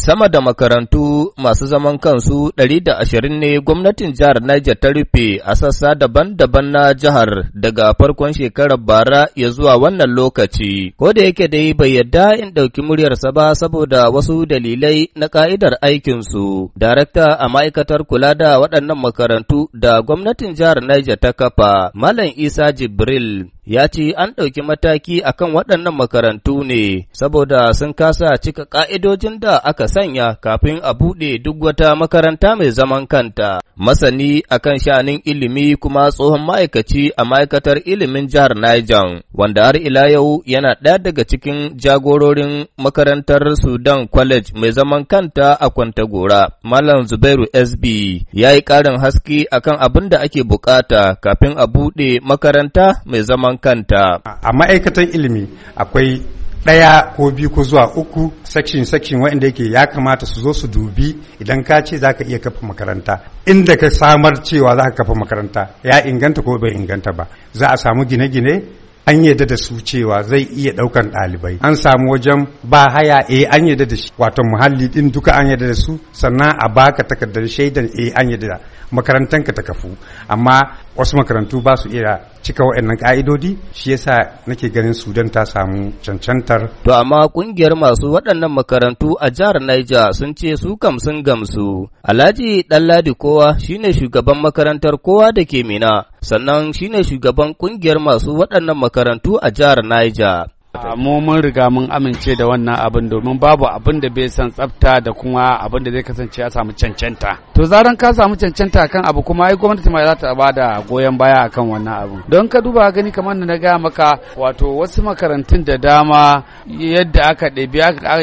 Sama da makarantu masu zaman kansu 120 ne gwamnatin jihar Niger ta rufe a sassa daban-daban na jihar daga farkon shekarar bara ya zuwa wannan lokaci. Ko da yake dai bai yadda in ɗauki muryarsa ba saboda wasu dalilai na ka'idar aikinsu. Darakta a ma'aikatar kula da waɗannan makarantu da gwamnatin jihar Niger ta kafa, Malam Isa Jibril ya ce an ɗauki mataki a kan waɗannan makarantu ne saboda sun kasa cika ƙa'idojin da aka sanya kafin a buɗe duk wata makaranta mai zaman kanta. Masani a kan shanin ilimi kuma tsohon ma'aikaci a ma'aikatar ilimin jihar Niger, wanda har ila yau yana ɗaya daga cikin jagororin makarantar Sudan College mai zaman kanta a Kwantagora, Malam Zubairu SB, ya yi ƙarin haske akan abin da ake bukata kafin a buɗe makaranta mai zaman zaman kanta. A ma'aikatan ilimi akwai ɗaya ko biyu ko zuwa uku section section waɗanda yake ya kamata su zo su dubi idan ka ce za ka iya kafa makaranta inda ka samar cewa za ka kafa makaranta ya inganta ko bai inganta ba za a samu gine-gine an yadda da su cewa zai iya ɗaukan ɗalibai an samu wajen ba haya e an yadda da shi wato muhalli din duka an yadda da su sannan a baka takardar shaidan e an yadda da makarantanka ta kafu amma wasu makarantu ba su iya cika waɗannan ƙa'idodi shi yasa nake ganin Sudan ta samu cancantar. To amma ƙungiyar masu waɗannan makarantu a jihar Niger sun ce su kam sun gamsu. Alhaji Ɗanladi kowa shine shugaban makarantar kowa da ke Mina sannan shine shugaban ƙungiyar masu waɗannan makarantu a jihar Niger. mu mun riga mun amince da wannan abin domin babu abin da bai san tsafta da kuma abin da zai kasance ya samu cancanta to zaran ka samu cancanta kan abu kuma ai gwamnati ma za ta bada da goyon baya akan wannan abu don ka duba gani kamar da na gaya maka wato wasu makarantun da dama yadda aka ɗabi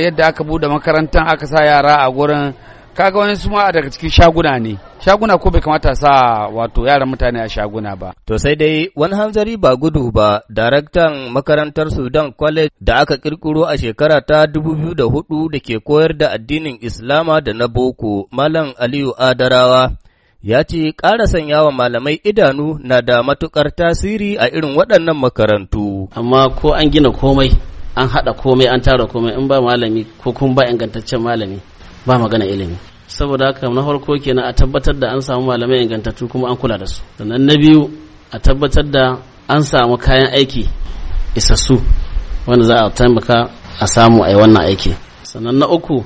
yadda aka bude makarantan aka sa yara a gurin kaga wani suma daga cikin shaguna ne shaguna ko bai kamata sa wato yaran mutane a shaguna ba to sai dai wani hanzari ba gudu ba daraktan makarantar sudan college da aka kirkiro a shekara ta 2004 da ke koyar da addinin islama da na boko malam aliyu adarawa ya ce ƙara sanya wa malamai idanu na da matukar tasiri a irin waɗannan makarantu amma ko an gina komai an haɗa komai an tara komai in ba malami ko kuma ba ingantaccen malami ba magana ilimi saboda haka na farko kenan a tabbatar da an samu malamai ingantattu kuma an kula da su sannan na biyu a tabbatar da an samu kayan aiki isassu wanda za a taimaka a samu a yi wannan aiki sannan na uku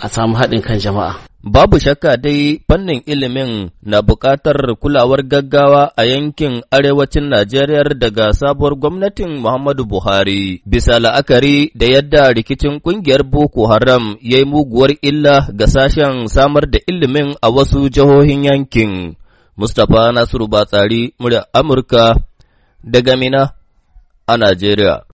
a samu haɗin kan jama'a Babu shakka dai fannin ilimin na buƙatar kulawar gaggawa a yankin arewacin Najeriya daga sabuwar gwamnatin Muhammadu Buhari, bisa la'akari da yadda rikicin ƙungiyar Boko Haram ya yi muguwar illa ga sashen samar da ilimin a wasu jihohin yankin. Mustapha Nasiru Batsari, murya Amurka, daga Mina a Najeriya.